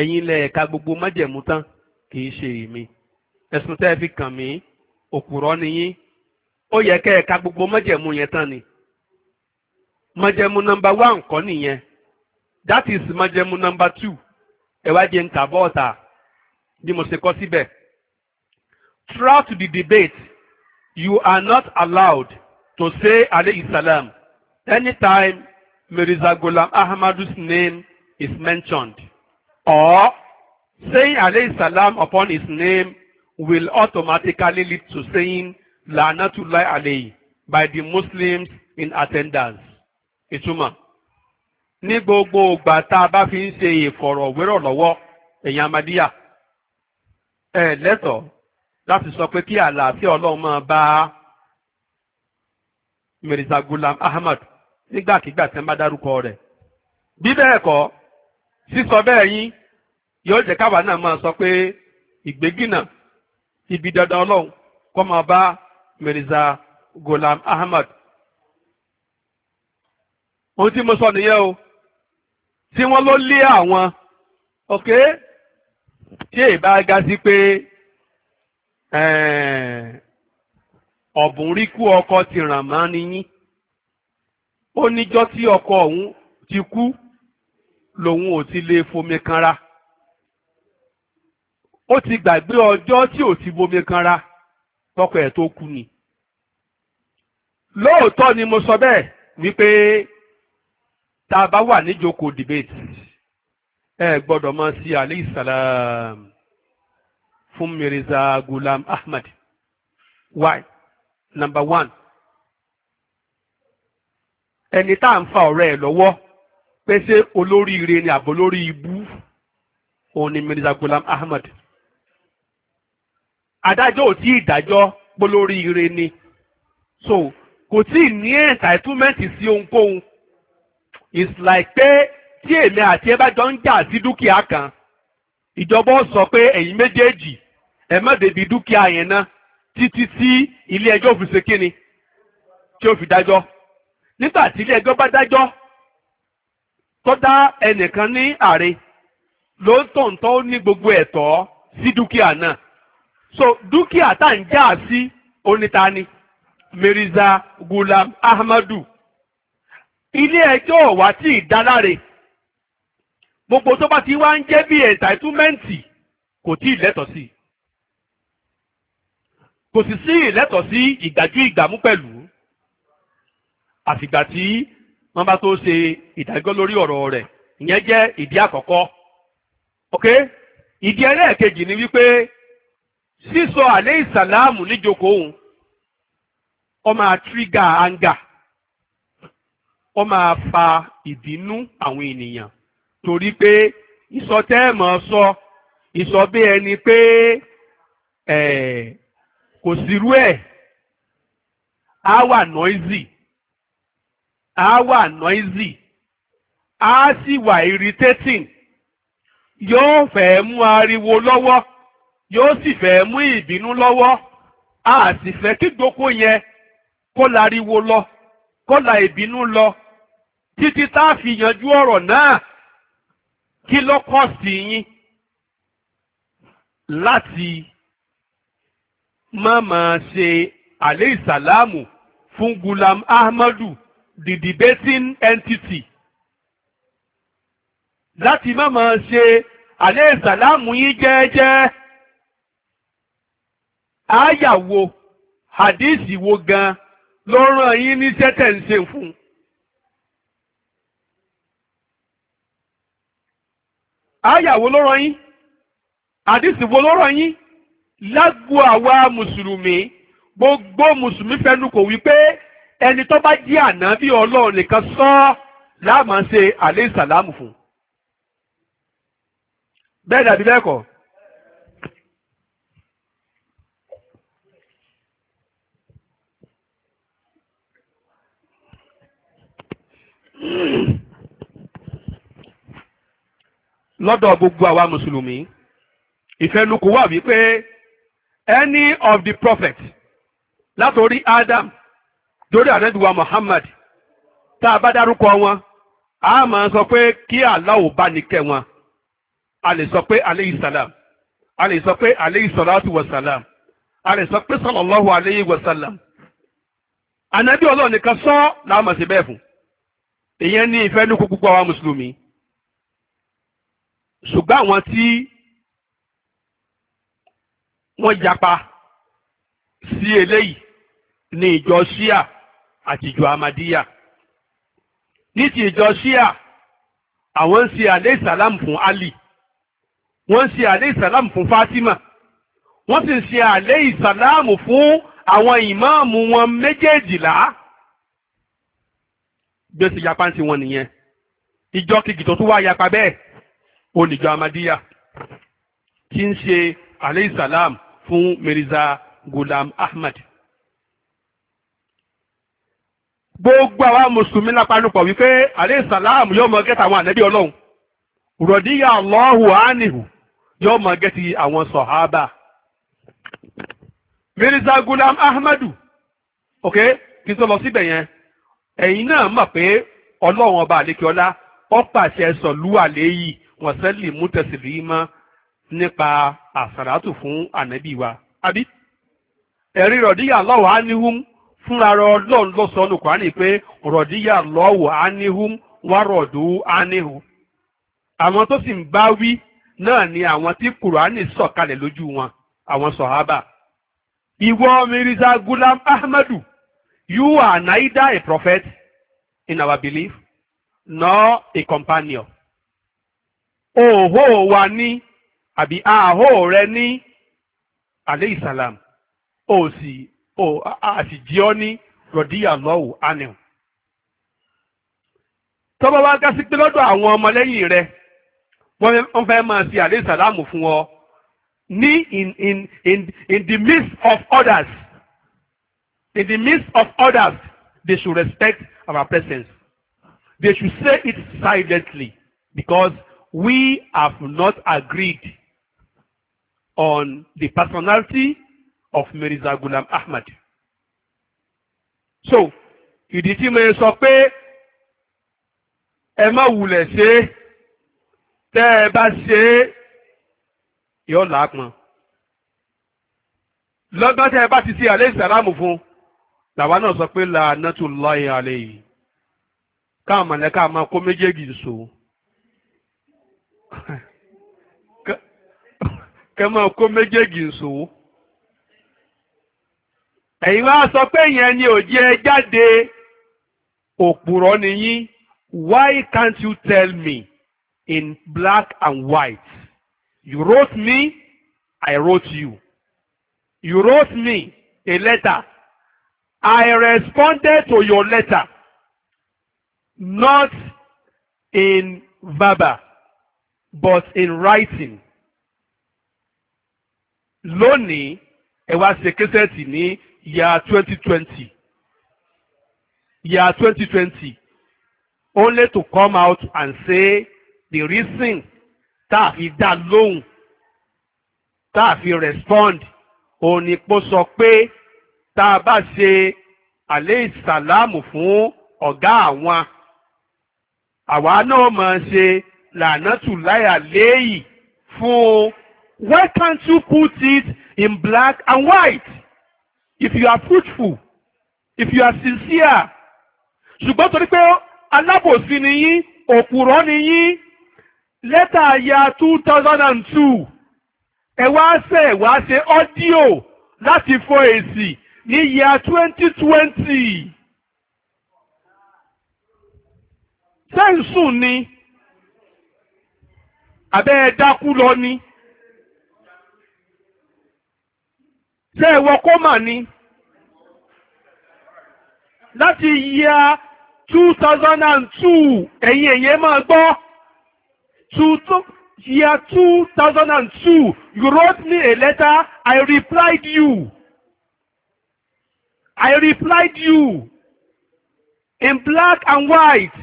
ẹ̀yin lẹ ẹ̀ka gbogbo májẹ̀mú tán kì í ṣe èmi ẹ̀sùn tẹ́ ẹ fi kàn mí òpùrọ́ ni yín ó yẹ kẹ́ ẹ̀ka gbogbo májẹ̀mú yẹn tán ni májẹ̀mú nọ́mbà one kọ́ nìyẹn that is májẹ̀mú nọmba two ẹ̀wájẹ̀ ń tà Di bí mo ṣe kọ́ síbẹ̀ throughout the debate you are not allowed to say alayhi salam anytime Mirza Ghulam Ahmadu's name is mentioned. or saying alayhi salam upon his name will automatically lead to saying lanatullah alayhi by the muslims in attendance ìtumọ̀ ní gbogbo ìgbà tá a bá fi ń ṣe ìfọ̀rọ̀wérọ̀ lọ́wọ́ èèyàn amadíyà ẹ lẹ́tọ̀ọ́ láti sọ pé kí àlàáfíà ọlọ́run máa bá mirza gulam ahmad nígbàkigbà tí wọ́n bá dárúkọ rẹ̀ bí bẹ́ẹ̀ kọ́ sísọ bẹ́ẹ̀ yín yóò jẹ́ káwa náà máa sọ pé ìgbégínà ibi dandan ọlọ́run kọ́ máa bá Mirza Ghulam ahmed, ohun tí mo sọ nìyẹn o tí wọ́n ló lé àwọn ok tí èyí bá ga sí pé ọ̀bùn rí kú ọkọ ti ràn mọ́ niyín ó níjọ́ tí ọkọ ọ̀hún ti kú lòun ò ti lè fomi kanra ó ti gbàgbé ọjọ́ tí ò ti bomi kanra tọkọ ẹ̀ tó kú ni lóòótọ́ ni mo sọ bẹ́ẹ̀ wípé tá a bá wà níjókòó debate ẹ gbọ́dọ̀ máa sí alayhi salam fún Mirza Gulam Ahmad why number one ẹni tá à ń fa ọ̀rẹ́ ẹ̀ lọ́wọ́ pé ṣé olóríire ni àbò lórí ibú òun ni Mirza Ghulam Ahmad adájọ́ ò tí ì dájọ́ pé olóríire ni so kò tí ì ní entitlement sí ohunkóhun it's like pé tí èmi àti ẹ bá jọ ń jà sí dúkìá kan ìjọba ó sọ pé ẹ̀yin méjèèjì ẹ má débi dúkìá yẹn ná títí tí ilé ẹjọ́ fi ṣe kíni tí ó fi dájọ́ nígbà tí ilé ẹjọ́ bá dájọ́ tó dá ẹnìkan ní àre ló ń tàn tó ní gbogbo ẹ̀tọ́ sí dúkìá náà so dúkìá tá à ń já sí onítàní Mirza Gulam Ahmadu ilé ẹjọ́ ò wá tí ì dáláre gbogbo tó bá ti wá ń jẹ́ bí ẹ̀ńtàìtúmẹ́ǹtì kò tí ì lẹ́tọ̀ọ́ sí kò sì sí ìlẹ́tọ̀ọ́ sí ìgbájú ìgbàmú pẹ̀lú àfìgbà tí wọ́n bá tó ṣe ìdájọ́ lórí ọ̀rọ̀ rẹ̀ ìyẹn jẹ́ ìdí àkọ́kọ́ ok ìdí ẹlẹ́ẹ̀kejì ni wípé sísọ àlẹ́ ìsàlámù níjókòó òun ọ máa tírígà anga ọ máa fa ìbínú àwọn ènìyàn torí pé ìsọtẹ́ẹ̀mọ̀ sọ ìsọ bí ẹni pé kò sírú ẹ̀ á wà noisy á wà noisy a sì wà irritating yóò fẹ́ mú ariwo lọ́wọ́ yóò sì fẹ́ mú ìbínú lọ́wọ́ a sì fẹ́ kí gboko yẹn kó la ariwo lọ kó la ìbínú lọ títí tá a fi yanjú ọ̀rọ̀ náà kí ló kọ́ sí yín láti má máa ṣe àlẹ́ ìsàlámù fún Gulam Ahmadu the debating entity láti má máa ṣe àlẹ́ ìsàlámù yín jẹ́ẹ́jẹ́ àyàwó hadisi wo gan ló ràn yín ní sẹ́tẹ̀ fún àyàwó ló ràn yín hadisi wo ló ràn yín lágbo àwa mùsùlùmí gbogbo mùsùlùmí fẹnu kò wí pé ẹni tó bá jẹ́ ànábì ọlọ́run nìkan sọ ọ́ láàmà ń ṣe àlẹ́ ìsàlámù fún. bẹ́ẹ̀ dàbí bẹ́ẹ̀ kọ́. lọ́dọ̀ gbogbo àwa mùsùlùmí ìfẹnukò wà wípé any of the prophets látòrí Adam lórí ànábìwá Muhammad tá a bá dárúkọ wọn a máa sọ pé kí aláwo bá ní kẹ́ wọn a lè sọ pé aleyhi salam a lè sọ pé aleyhi salatu wa salam a lè sọ pé sallallahu aleyhi wa salam ànábì Ọlọ́run nìkan sọ làwọn máa ṣe bẹ́ẹ̀ fún ìyẹn ní ìfẹ́ ní kúkú gbọ́ àwọn mùsùlùmí ṣùgbọ́n àwọn tí wọ́n japa sí eléyìí ní ìjọ ṣíà àti ìjọ amadiya ní ti ìjọ ṣíà àwọn ń ṣe alẹ́ ìsàlámù fún ali wọ́n ń ṣe alẹ́ ìsàlámù fún fatima wọ́n sì ń ṣe alẹ́ ìsàlámù fún àwọn ìmáàmù wọn méjèèjìlá bí ó ti yapa ń ti wọn nìyẹn ìjọ kejì tó tún wá yapa bẹ́ẹ̀ oníjọ amadiya tí ń ṣe alẹ́ ìsàlámù fún mirza gulam ahmad gbogbo àwa mùsùlùmí lápánupọ̀ wípé alayhi salam yóò mọ gẹ́tà àwọn ànẹ́bí ọlọ́run rọ̀díyà Allahu ánìhù yóò mọ gẹ́tì àwọn sọ̀hábà Mirza Gulam Ahmadu ok kí n tó lọ síbẹ̀ yẹn ẹ̀yin náà mọ̀ pé ọlọ́run ọba ọ pàṣẹ sọ̀lú wọ́n mú mọ́ nípa àsàràtù fún ànẹ́bí wa àbí ẹ̀rí rọ̀díyà fúnra ọlọ́run ló sọ ní Kùránì pé rọ̀díyà lọ́wọ́ anihum wárọ̀dù anihum àwọn tó sì ń bá wí náà ni àwọn tí Kùránì sọ̀kalẹ̀ lójú wọn àwọn sọ̀hábà ìwọ Mirza Gulam Ahmadu you are neither a prophet in our belief nor a companion òhò wa ní àbí àhò rẹ ní aleyhisalam O sì o àti jí ọ ní rọ̀díyà lọ́wọ́ ànìhùn. tọ́ba wá gá sí pé lọ́dọ̀ àwọn ọmọlẹ́yìn rẹ wọ́n fẹ́ máa ṣe àlẹ́ ìsàlámù fún ọ ní in in in in the midst of others in the midst of others they should respect our presence they should say it silently because we have not agreed on the personality of Mirza Ghulam Ahmad. so ìdí tí mo sọ pé ẹ má wulẹ̀ ṣe é tẹ́ ẹ bá ṣe é yóò làápọn lọ́gbọ́n tẹ́ ẹ bá ti ṣe àlẹ́ ìsàlámù fún làwa náà sọ pé la'natullahi alayhi káà mọ̀lẹ́ká máa kó méjèèjì so kẹ́ máa kó méjèèjì so ẹ̀yin wá sọ pé yẹn ni ò jẹ́ jáde òpùrọ́ ni why can't you tell me in black and white you wrote me I wrote you you wrote me a letter I responded to your letter not in verbal but in writing lónìí ẹ wá ṣe kẹsẹ̀tì ní Year 2020 Year 2020 only to come out and say the reason tá a fi dá lóhùn tá respond òun ni kó sọ pé tá a bá ṣe àlẹ́ ìsàlámù fún ọ̀gá àwọn àwa náà máa ṣe lànàtù láyà léyìí fún why can't you put it in black and white if you are fruitful if you are sincere ṣùgbọ́n torí pé alábòsí ni yín òpùrọ́ ni yín lẹ́tà ya two thousand and two ẹ wá ṣe wá ṣe ọ́díò láti fọ èsì ní ya twenty twenty sẹ́ǹsùn ni abẹ́ ẹ dákú lọ ni. ṣé ẹ wọ kó mà ni láti yíya two thousand and two ẹ̀yin ẹ̀yẹ máa gbọ́ year two thousand and two you wrote me a letter I replied you I replied you in black and white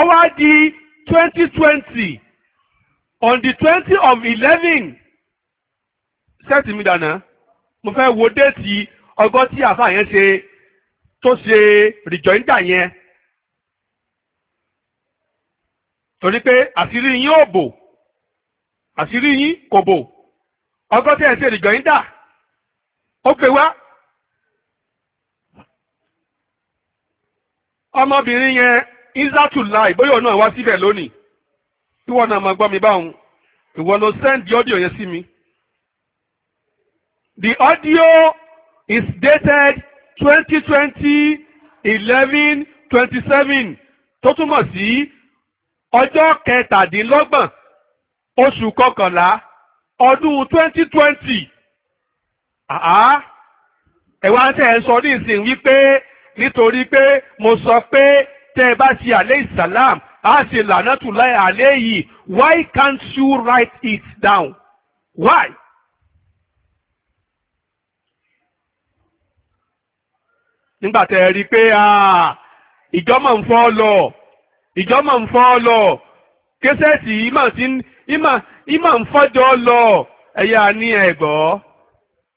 over the twenty twenty on the twenty of eleven sẹ́ẹ̀tì mi dànà mo fẹ́ wo déètì ọgọ́ tí àfa yẹn ṣe tó ṣe rìjọ́ńdà yẹn torí pé àṣírí yín ò bò àṣírí yín kò bò ọgọ́ tí ẹ̀ ṣe rìjọ́ńdà ó pè wá ọmọbìnrin yẹn Izatulai bóyá òun wá síbẹ̀ lónìí tí wọ́n náà máa gbọ́ mi báwọn ìwọ ló ọ́díò yẹn sí mi. The audio is dated 2020 11 27 tó túmọ̀ sí ọjọ́ kẹtàdínlọ́gbọ̀n oṣù kọkànlá ọdún 2020. Àá ẹ̀wá tẹ̀ ń sọ ní ìsìn wípé nítorí pé mo sọ pé tẹ́ ẹ bá ṣe àlẹ́ ìsàlám á ṣe lànà tùláì àlẹ́ yìí why can't you write it down? Why? nígbà tẹ́ pé rí mọ̀ pé ìjọ́mọ̀ ń fọ́ lọ mọ̀ ń fọ́ lọ késẹ́ẹ̀tì ìmọ̀ sí ìmọ̀ ìmọ̀ ń fọ́jọ́ lọ ẹ̀yà ní ẹ̀gbọ́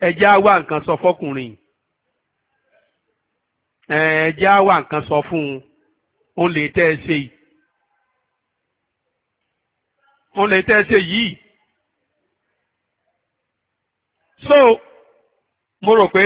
ẹ̀jẹ̀ á wá nǹkan sọ fọkùnrin ẹ̀jẹ̀ á wá nǹkan sọ fún un ó lè tẹ́ ẹ ṣe yìí ó lè tẹ́ ẹ ṣe yìí so mo rò pé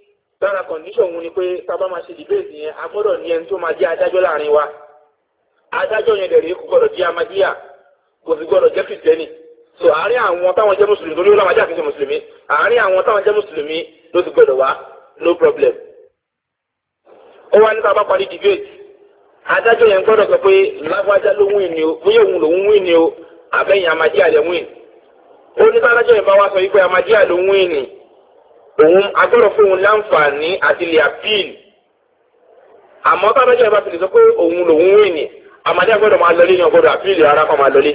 lára condition òun ni pé sábà máa ṣe debate yẹn a gbọ́dọ̀ ní ẹni tó máa jẹ́ adájọ́ láàrin wa adájọ́ yẹn dẹ̀rẹ̀ kò gbọ́dọ̀ jẹ́ amadíyà kò sì gbọ́dọ̀ jẹ́ kìrìtẹ́nì so àárín àwọn táwọn jẹ́ mùsùlùmí tó ní olóòwò àjá àfihàn mùsùlùmí àárín àwọn táwọn jẹ́ mùsùlùmí ló ti gbọ́dọ̀ wá no problem. ó wá nípa bá parí debate adájọ́ yẹn gbọ́dọ̀ sọ pé lágbájá ló win ni o bóyá win ni o àbẹ́yìn amadíyà lẹ́ win. ó ní táwọn adájọ́ yẹn bá wá sọ wípé amadíyà ló win òun agbọ́dọ̀ fún òun láǹfààní àti ilẹ̀ àpíìl àmọ́ bá bẹ́jọ́ ìbá fi lè sọ pé òun lòun wìn ní àmàdé agbọ́dọ̀ máa lọlé ní ọgbọ́dọ̀ àpíìl ara kan máa lọlé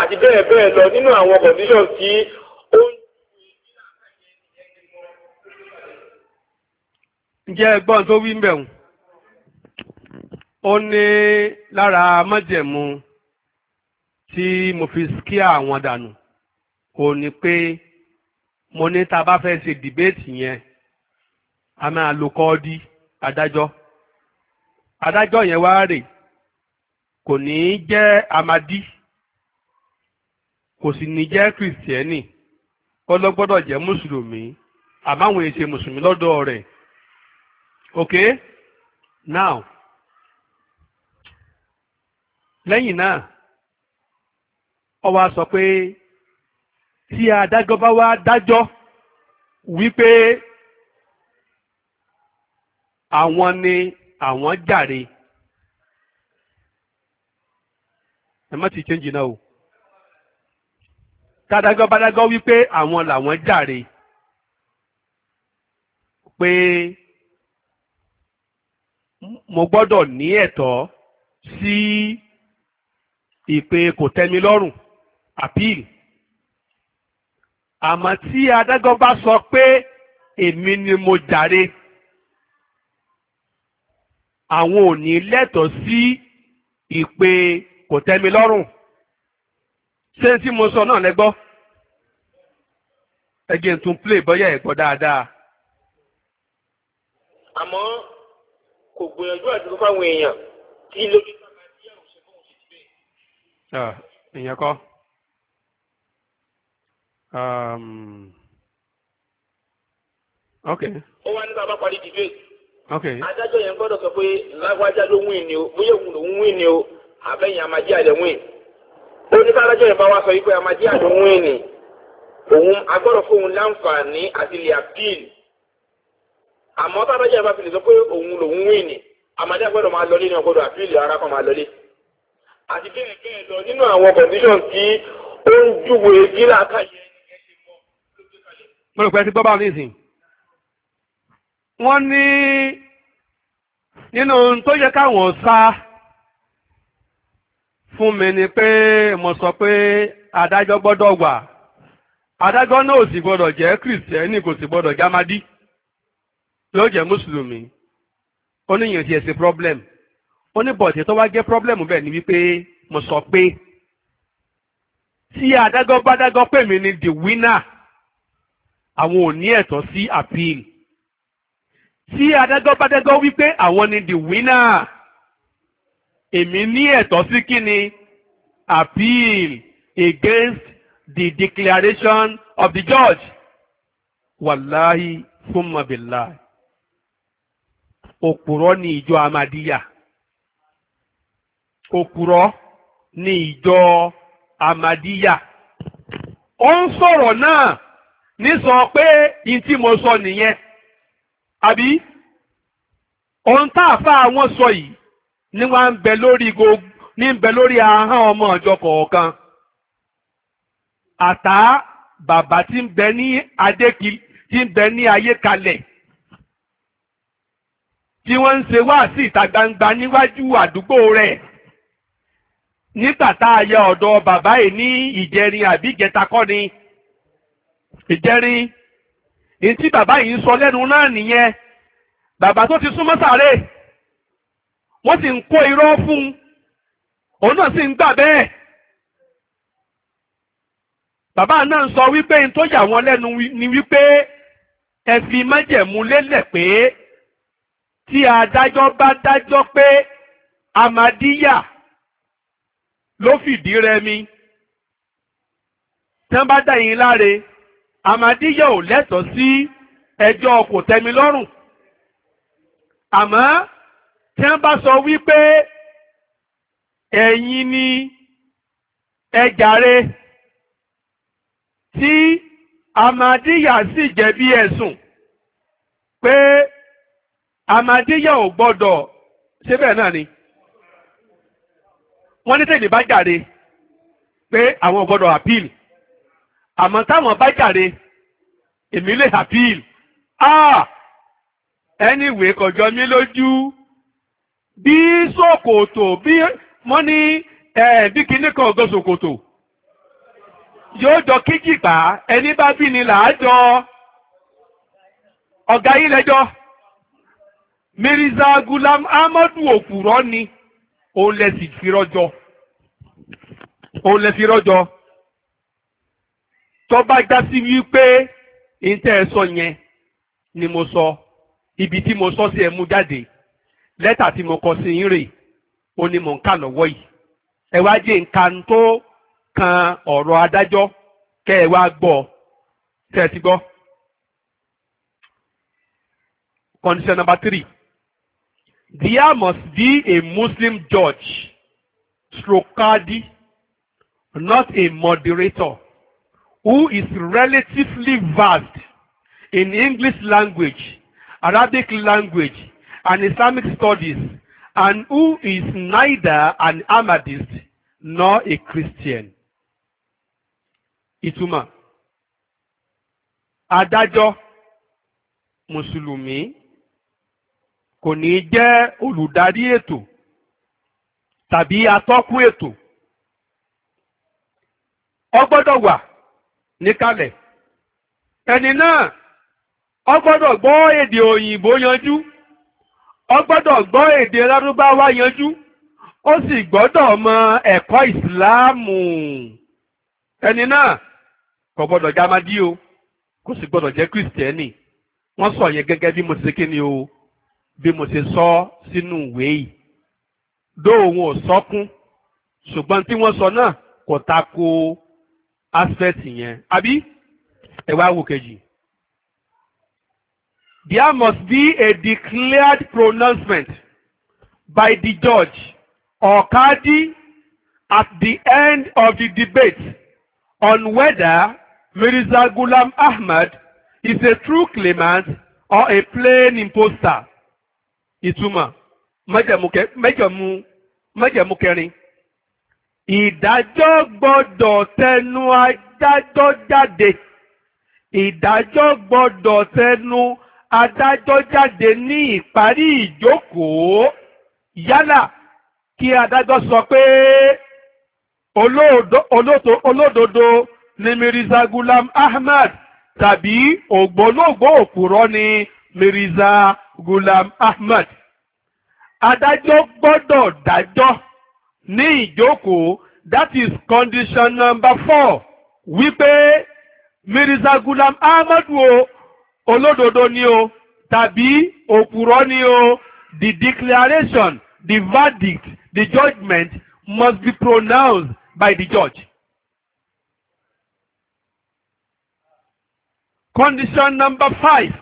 àti bẹ́ẹ̀ bẹ́ẹ̀ lọ nínú àwọn condition tí ó ń. ǹjẹ́ ẹgbọ́n tó wí ń ó ní lára májẹ̀mú tí mo fi kí àwọn dànù ó ní pé mo ní tá a bá fẹ́ ṣe dìbéètì yẹn a máa lo kọ́ọ́dí adájọ́ adájọ́ yẹn wá rè kò ní í jẹ́ amadi kò sì ní jẹ́ kìrìsìtẹ́nì ọlọ́gbọ́dọ̀ jẹ́ mùsùlùmí àmọ́ àwọn èsè mùsùlùmí lọ́dọ̀ rẹ̀ ok now lẹ́yìn náà ó wá sọ pé tí adájọ́ bá wá dájọ́ wípé àwọn ni àwọn jàre ẹ má ti change náà o tádágọ́ bádágọ́ wípé àwọn làwọn jàre pé mo gbọ́dọ̀ ní ẹ̀tọ́ sí ìpè kò tẹ́mi lọ́rùn appeal àmọ́ tí adájọ́ bá sọ pé èmi ni mo jàre àwọn ò ní lẹ́tọ̀ọ́ sí ìpè kò tẹ́mi lọ́rùn ṣé tí mo sọ náà lẹ́gbọ́ ẹ jẹ́ n tún play bọ́yá ẹ̀ gbọ́ dáadáa. àmọ́ kò gbìyànjú àdúgbò fáwọn èèyàn tí lójú sábà tí àrùn ṣe fún òṣèlú bẹ́ẹ̀. Ah, ìyẹn kọ́. Um, Okay. ó wá ní bàbá parí debate. ok. adájọ́ yẹn gbọ́dọ̀ sọ pé lágbájá ló win ni o bóyá òun lòún win ni o àbẹ́yìn amadé àlẹ́ win. ó ní bàbájọ́ yẹn bá wá sọ wípé amadé àlẹ́ win ni òun agbọ́dọ̀ fóun láǹfààní àti lè appeal. àmọ́ bàbájọ́ yẹn bá fi sọ pé òun lòún win ni amadé àgbọ́dọ̀ máa lọlé ni ọgbọ́dọ̀ appeal ara kan máa lọlé. àti bẹ́ẹ̀ bẹ́ẹ̀ lọ nínú àwọn condition tí ó ń júwe gíláàkà yẹn mo rò pé ti gbọ́ bá nísìn wọ́n ní nínú tó yẹ káwọn sá fún mi ni pé mo sọ pé adájọ́ gbọ́dọ̀ wà adájọ́ náà ò sì gbọ́dọ̀ jẹ́ kìrìsìtẹ́nì kò sì gbọ́dọ̀ jámádí yóò jẹ́ mùsùlùmí oníyàn ti ẹ̀sìn problem oníbọ̀tì tó wá jẹ́ problem bẹ́ẹ̀ ni wípé mo sọ pé tí adájọ́ bá dájọ́ pè mí ni the winner àwọn ò ní ẹ̀tọ́ sí appeal tí adájọ́ bá dẹ́gọ́ wípé àwọn ni the winner èmi ní ẹ̀tọ́ sí kí ni appeal against the declaration of the judge wàláhì fúnmọ̀bìlá òpùrọ́ ní ìjọ amadíyà òpùrọ́ ni ìjọ amadíyà ó ń sọ̀rọ̀ náà nísọ pé in tí mo sọ nìyẹn àbí ohun táàfà wọn sọ yìí ní wọ́n ń bẹ lórí gbogbo ní ń bẹ lórí ahọ́n ọmọ ọjọ́ kọ̀ọ̀kan àtá bàbá tí ń bẹ ní adéki tí ń bẹ ní ayékalẹ̀ tí wọ́n ń ṣe wáàsí ìta gbangba níwájú àdúgbò rẹ̀ nígbà tá a yẹ ọ̀dọ̀ bàbá yìí ní ìjẹrin àbí ìjẹta kọ́ ìjẹrin èyí tí bàbá yìí ń sọ lẹ́nu náà nìyẹn bàbá tó ti súnmọ́ sàárè wọ́n sì ń kó irọ́ fún un òun náà sì ń gbà bẹ́ẹ̀ bàbá náà ń sọ wípé n tó yà wọ́n lẹ́nu ni wípé ẹ fi májẹ̀mú lélẹ̀ pé tí adájọ́ bá dájọ́ pé amadíyà ló fìdí rẹmi tí wọ́n bá dá yín láre àmàdíyà ò lẹ́tọ̀ọ́ sí ẹjọ́ kò tẹ́mi lọ́rùn àmọ́ tí wọ́n bá sọ wípé ẹ̀yin ni ẹ jàre tí àmàdíyà sì jẹ̀bi ẹ̀sùn pé àmàdíyà ò gbọ́dọ̀ ṣé bẹ́ẹ̀ náà ni wọ́n ní tẹ̀lé bá jàre pé àwọn gbọ́dọ̀ àpíìlì àmọ́ táwọn bá jàre èmi lè appeal ah anyway kọjọ mi lójú bí ṣòkòtò bí wọ́n ní eh, bí kinní kan ọ̀gọ́ ṣòkòtò yóò jọ kíjìpá ẹni bá bí ni làájọ ọ̀gá yín lẹ́jọ́ Mirza Gulam Amadu òkúrọ́ ni òun lẹ sì fi rọ́jọ́ òun lẹ fi rọ́jọ́ tó bá já sí wípé ìtẹ́ ẹ sọ yẹn ni mo sọ ibi tí mo sọ sí ẹ mú jáde lẹ́tà tí mo kọ sí yín rè ó ní mò ń kà lọ́wọ́ yìí ẹ wá jẹ́ nǹkan tó kan ọ̀rọ̀ adájọ́ kẹ́ ẹ wá gbọ́ tẹ́ ẹ ti gbọ́. Condition number three. There must be a Muslim judge, Strokadi, not a moderator who is relatively versed in English language, Arabic language, and Islamic studies, and who is neither an Ahmadist nor a Christian. Ituma, adájọ́ Mùsùlùmí kò ní jẹ́ olùdarí ètò tàbí atọ́kùn ètò. Ó gbọ́dọ̀ wà níkàlẹ̀ ẹni náà ó gbọ́dọ̀ gbọ́ èdè òyìnbó yanjú ó gbọ́dọ̀ gbọ́ èdè lárúbáwá yanjú ó sì gbọ́dọ̀ mọ ẹ̀kọ́ ìsìláàmù ẹni náà kò gbọ́dọ̀ jámadí o kò sì gbọ́dọ̀ jẹ́ kírísítẹ́nì wọ́n sọ yẹn gẹ́gẹ́ bí mo ṣe kí ni o bí mo ṣe sọ sínú ìwé yìí dóò wọn ò sọkún ṣùgbọ́n tí wọ́n sọ náà kò ta ko. aspect yẹn àbí ẹ wá wò kejì. There must be a declared pronouncement by the judge or Qadi at the end of the debate on whether Mirza Ghulam Ahmad is a true claimant or a plain imposter. Ìtumọ̀ mẹ́jẹ̀mú kẹrin ìdájọ́ gbọ́dọ̀ tẹnu adájọ́ jáde ìdájọ́ gbọ́dọ̀ tẹnu adájọ́ jáde ní ìparí ìjókòó yálà kí adájọ́ sọ pé olódodo ni Mirza Gulam Ahmad tàbí ògbólógbò òkúrọ́ ni Mirza Gulam Ahmad adájọ́ gbọ́dọ̀ dájọ́ ní ìjókòó that is condition number four wípé Mirza Gulam Ahmadu o olódodo ni o tàbí òpùrọ́ ni o the declaration the verdict the judgment must be pronounced by the judge. Condition number five.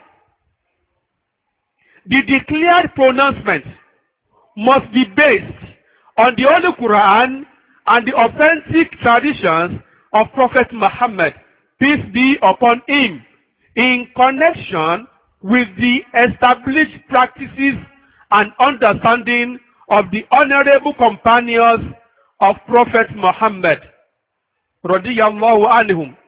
The declared pronouncement must be based on the Holy Quran and the authentic traditions of Prophet Muhammad, peace be upon him, in connection with the established practices and understanding of the honorable companions of Prophet Muhammad, radiyallahu anhum.